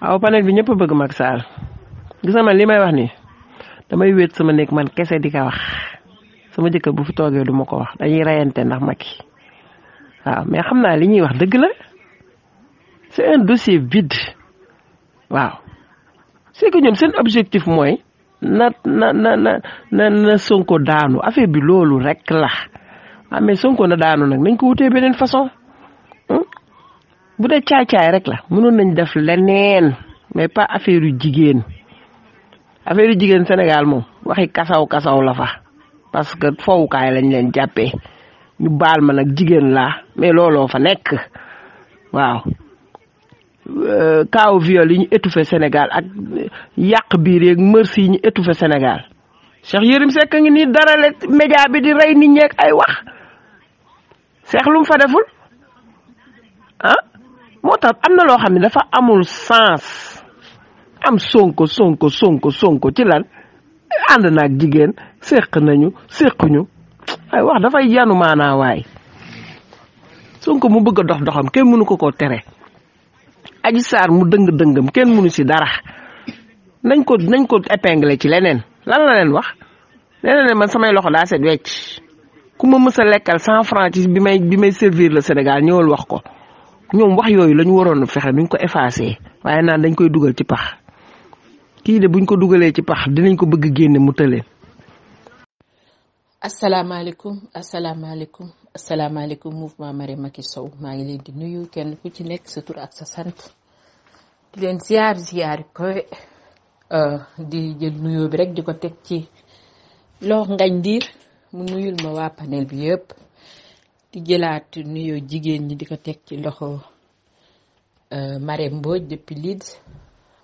waaw panel bi ñëpp bëgg mag Sall gis nga li may wax nii damay wéet sama nekk man kese di ko wax sama jëkkër bu fi toogee duma ko wax dañuy rayante ndax Macky waaw mais xam naa li ñuy wax dëgg la c'est un dossier vide waaw c'est que ñoom seen objectif mooy na na na na na daanu affaire bi loolu rek la ah mais Sonko na daanu nag nañ ko wutee beneen façon. bu dee caay-caay rek la mënoon nañ def leneen mais pas affaire yu jigéen affaire yu jigéen Sénégal moom waxi kasaw kasaw la fa parce que fowukaay lañ leen jàppee ñu baal ma nag jigéen la mais looloo fa nekk waaw kaaw euh, viol yi ñu étouffé Sénégal ak euh, yàq biir yeeg merci yi ñu étouffé Sénégal Cheikh Yérim Seck ngi nii dara la média bi di rey nit ñeeg ay wax Cheikh fa deful ah moo tax am na loo xam ne dafa amul sens am sonko sonko sonko sonko ci lan ànd naag jigéen séq nañu séquñu ay wax dafay yanu maanaa waay sonko mu bëgg a dox doxam kenn mënu ko koo tere aji saar mu dëng dëngam kenn mënu si dara nañ ko nañ ko épinglé ci leneen lan la leen wax leneen ne man samay loxo daa set wecc ku ma mës lekkal san franc bi may bi may servir le Sénégal ñëwal wax ko ñoom wax yooyu lañu waroon waroon fexe nuñ ko effacé waaye naan dañ koy dugal ci pax kii de buñ ko dugalee ci pax dinañ ko bëgg génne mu tële. asalaamaaleykum asalaamaaleykum asalaamaaleykum mouvement Marie Macky Sow maa ngi leen di nuyu kenn ku ci nekk sa tur ak sa sant di leen ziar ziar ko euh, di jël nuyoo bi rek di ko teg ci loo ngañ diir mu nuyul ma waa panel bi yëpp. di jëlaat nuyoo jigéen ñi di ko teg ci loxo euh, Marème Mbodj depuis Leeds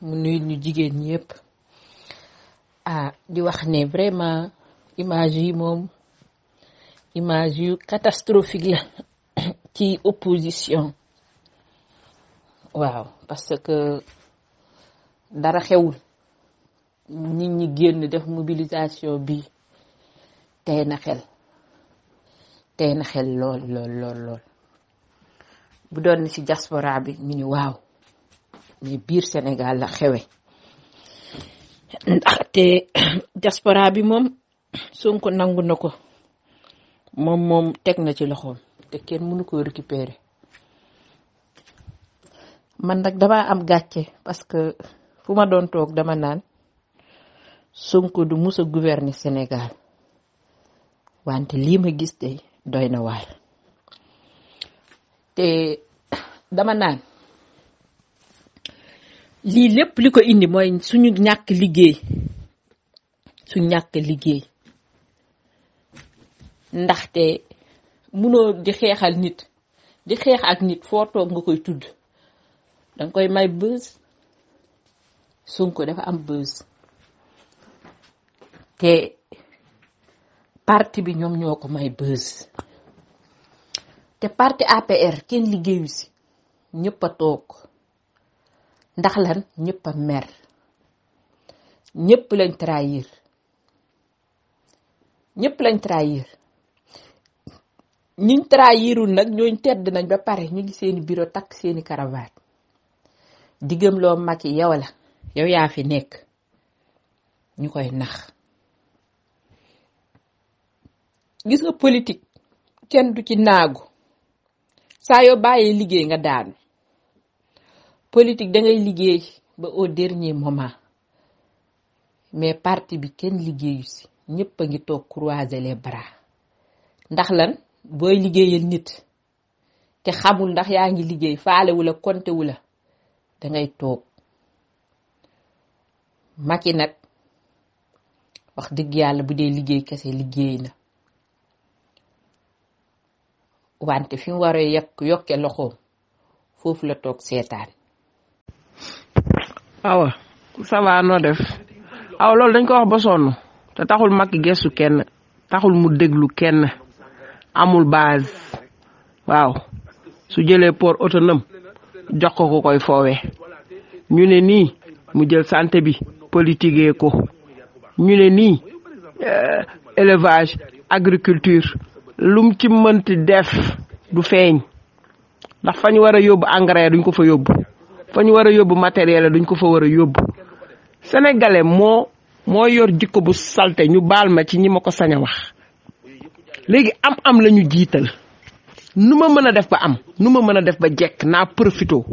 mu nuyu ñu jigéen ñi yëpp ah di wax ne vraiment image yi moom image yu catastrophique la ci opposition waaw parce que dara xewul nit ñi génn def mobilisation bi tey na xel tey na xel lool lool lool bu doon ci diaspora bi waaw mais biir Sénégal la xewe ndaxte diaspora bi moom Sonko nangu na ko moom moom teg na ci loxoom te kenn mënu ko récupérer man nag dama am gàcce parce que fu ma doon toog dama naan Sonko du mus a gouverner Sénégal wante lii ma gis doy na waar te dama naan lii lépp li ko indi mooy suñu ñàkk liggéey su ñàkk liggéey ndaxte munoo di xeexal nit di xeex ak nit foo toog nga koy tudd danga koy may bës Sonko dafa am bës te parti bi ñoom ñoo ko may bës te parti APR kenn liggéeyu si ñëpp a toog ndax lan ñëpp mer ñëpp lañ trahir ñëpp lañ trahir ñiñ trahirul nag ñooñ tedd nañ ba pare ñu ngi seeni bureau takk seeni cravate diggam loo mag yi yow yow yaa fi nekk ñu koy nax gis nga politique kenn du ci naagu saa yoo bàyyee liggéey nga daanu politique dangay liggéey ba au dernier moment mais parti bi kenn liggéeyu si ñëpp a ngi toog croiser les bras ndax lan booy liggéeyal nit te xamul ndax yaa ngi liggéey faalewu la kontewu la dangay toog Macky nag wax dëgg yàlla bu dee liggéey kese liggéey na wante fi mu war yokke loxoom foofu la toog seetaan. awa ça def aw dañ ko wax ba sonn te taxul Macky gestu kenn taxul mu déglu kenn amul base waaw su jëlee por autonome jox ko ko koy foowee ñu nii mu jël santé bi politiquer nii euh, élevage agriculture. lum ci mënti def du feeñ ndax fa ñu war a yóbbu engrais duñ ko fa yóbbu fa ñu war a yóbbu matériel duñ ko fa war a yóbbu sénégalais moo moo yor jikko bu salte ñu baal ma ci ñi ma ko sañ wax léegi am-am la ñu jiital nu ma mën a def ba am nu ma mën a def ba jekk naa profito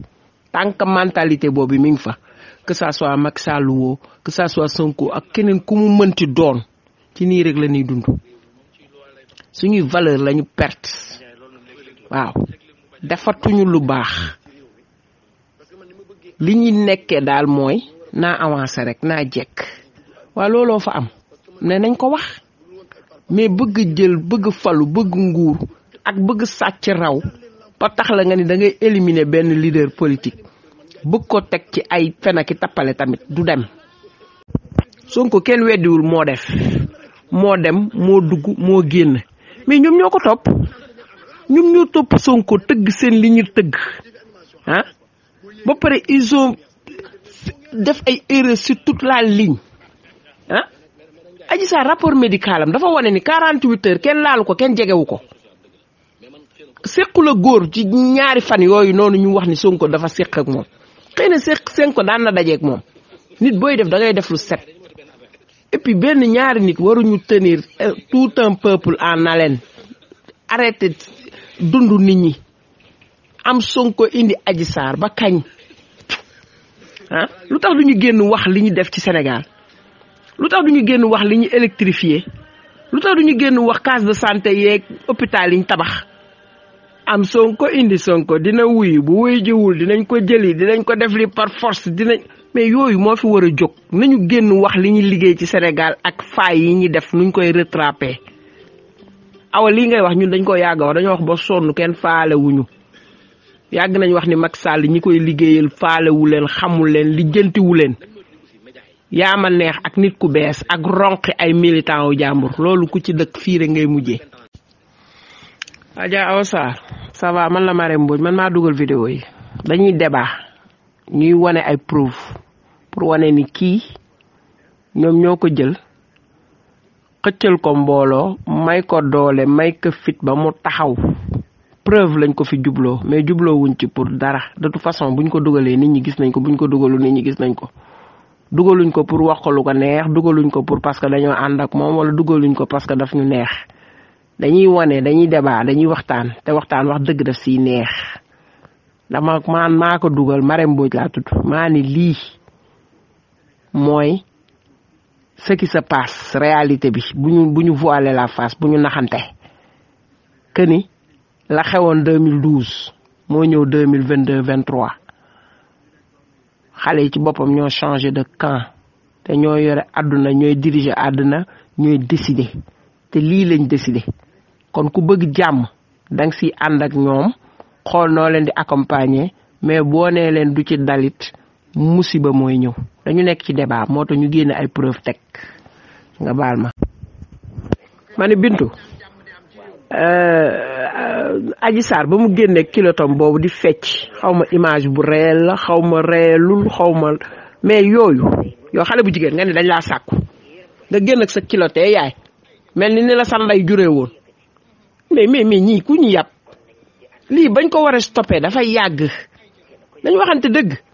tant que mentalité boobu mi ngi fa que ça soit Macky Sall que ça soit Sonko ak keneen ku mu mënti doon ci nii rek la ñuy dund. suñuy valeur lañu perte waaw defatuñu lu baax li ñuy nekkee daal mooy naa avancer rek naa jekk waaw looloo fa am ne nañ ko wax mais bëgg jël bëgg falu bëgg nguur ak bëgg sàcc raw ba tax la nga ni da ngay benn leader politique bëgg ko teg ci ay fenaki tappale tamit du dem Sonko kenn weddiwul moo def moo dem moo dugg moo génn mais ñoom ñoo ko topp ñoom ñoo topp Sonko tëgg seen li ñu tëgg ah ba pare ils def ay erreurs surtout toute la ligne ah aji sa rapport médical dafa wone ni 48 heures kenn laalu ko kenn jegewu ko sequ la góor ci ñaari fan yooyu noonu ñu wax ni Sonko dafa seq ak moom xëy na seq Sonko daan na dajeeg moom nit booy def da ngay def lu set et benn ñaari nit waruñu tenir euh, tout temps peuple en haleine arrêté dund nit ñi am Sonko indi Adji Sarr ba kañ ah lu tax du ñu génn wax li ñu def ci Sénégal lu tax du ñu génn wax li ñu électrifié lu tax ñu génn wax case de santé yeeg hôpital yiñ ñu tabax am Sonko indi Sonko dina wuyu bu wuyu jiwul dinañ ko jëli dinañ ko def li par force dinañ. mais yooyu moo fi war a jóg nañu génn wax li ñuy liggéey ci Sénégal ak faay yi ñuy def nuñ koy retrape awa lii ngay wax ñun dañ ko yàgg wax dañoo wax ba sonn kenn faale yàgg nañu wax ni Macky Sall ñi koy liggéeyal faalewu leen xamul leen lijjantiwu leen yaa ma neex ak nit ku bees ak ronqi ay militant wu jàmbur loolu ku ci dëkk fii rek ngay mujjee. Adja Awa Sarr man la Marème Mbodj man maa dugal vidéo yi dañuy débat ñuy wane ay preuve pour wane ni kii ñoom ñoo ko jël xëccal ko mbooloo may ko doole may ko fit ba mu taxaw preuve lañ ko fi jubloo mais jubloo wuñ ci pour dara de toute façon buñ ko dugalee nit ñi gis nañ ko buñ ko dugalu nit ñi gis nañ ko dugaluñ ko pour wax ko lu ko neex dugaluñ ko pour parce que dañoo ànd ak moom wala dugaluñ ko parce que daf ñu neex dañuy wone dañuy débat dañuy waxtaan te waxtaan wax dëgg def siy neex dama man maa ko dugal Marème Mbodj laa tudd maa mooy ce qui se passe réalité bi bu ñu bu ñu voiler la face bu ñu naxante que ni la xewoon 2012 moo ñëw 2022 23 xale yi ci boppam ñoo changé de camp te ñoo yore àdduna ñooy diriger àdduna ñooy décider te lii lañ décider kon ku bëgg jàmm da nga ànd ak ñoom xool noo leen di accompagner mais boo nee leen du ci dalit musiba mooy ñëw dañu nekk ci débat moo tax ñu génne ay preuve teg nga baal ma. ma ne Bintu euh, aji Sarr ba mu génne kilotom boobu di fecc xaw ma image bu reel la xaw ma réelul xaw mais yooyu yow xale bu jigéen nga ne dañ laa sàkku nga génn ak sa kilote yaay mel ni ni la sa ndey juree woon mais mais ñii ku ñu yàpp lii bañ ko war a stoppé dafay yàgg dañ waxante dëgg.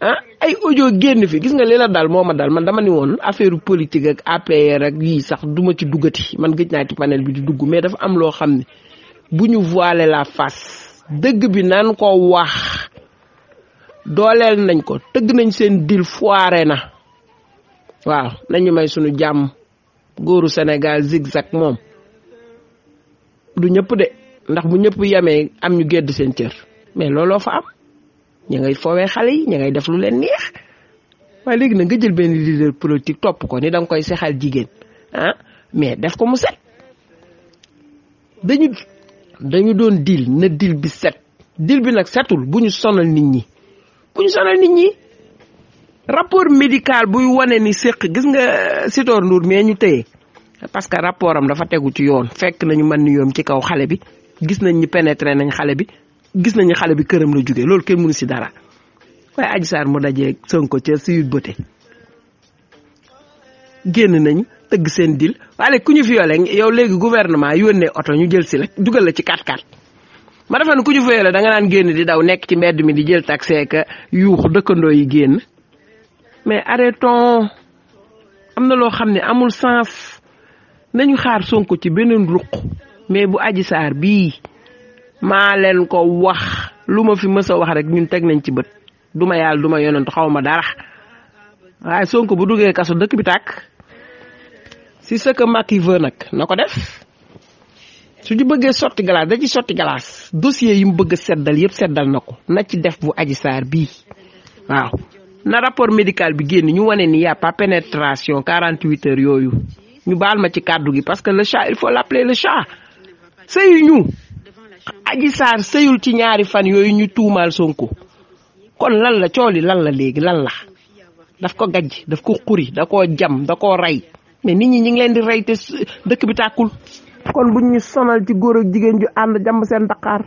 ah ay ojo génn fi gis nga li la daal moo ma daal man dama ni woon affaire politique ak APR ak yii sax duma ci duggati man gëj naa ci panel bi di dugg mais dafa am loo xam ne bu ñu voilé la fas dëgg bi naan ko wax dooleel nañ ko tëgg nañ seen dil foire na waaw nañu may suñu jàmm góoru Sénégal zigzag moom du ñëpp de ndax bu ñëpp yemee am ñu gedd seen cër mais looloo fa am. ña ngay foowee xale yi ña ngay def lu leen neex waaye léegi nag nga jël benn leader politique topp ko ni danga koy sexal jigéen ah, mais def ko mu set dañu dañu doon dil na dil bi set dil bi nag setul bu ñu sonal nit ñi bu ñu sonal nit ñi rapport médical buy wane ni séq gis nga euh, Sitor Ndour mais ñu téye parce que rapport am dafa tegu ci yoon fekk nañu mën ni yoom ci kaw xale bi gis nañ ñu pénétré nañ xale bi gis nañu xale bi këram la jógee loolu kenn mënu si dara waaye Adji Sarr mu dajee Sonko ca Sweet Beauté génn nañ tëgg seen dil waaye ku ñu violé yow léegi gouvernement yónnee oto ñu jël si la dugal la ci 4x4 ma defoon ku ñu violé da nga naan génn di daw nekk ci mbedd mi di jël taxi ak yuuxu dëkkandoo yi génn mais arrêtons am na loo xam ne amul sens nañu xaar Sonko ci beneen ruq mais bu Adji Sarr bii. maa leen ko wax lu ma fi mës a wax rek ñun teg nañ ci bët duma ma yàlla du ma yonent xaw ma dara waaye Sonko bu duggee kaso dëkk bi tàkk si ce que Macky nag na ko def su ñu bëggee sotti galaas da ci sotti galaas dossier yi mu bëgg seddal yëpp seddal na ko na ci def bu aji Sarr bii waaw na rapport médical bi génn ñu wane ni y a pas pénétration 48 heures yooyu ñu baal ma ci kàddu gi parce que le chat il faut l'appeler le chat sëyu ñu aji saar sëyul ci ñaari fan yooyu ñu tuumaal sonko kon lan la cooli lan la léegi lan la daf ko gajj daf ko xuri da koo jam da koo rey mais nit ñi ñi ngi leen di rey te dëkk bi tàkkul kon buñ ñu sonal ci góor ak jigéen ju ànd jàmm seen daqaar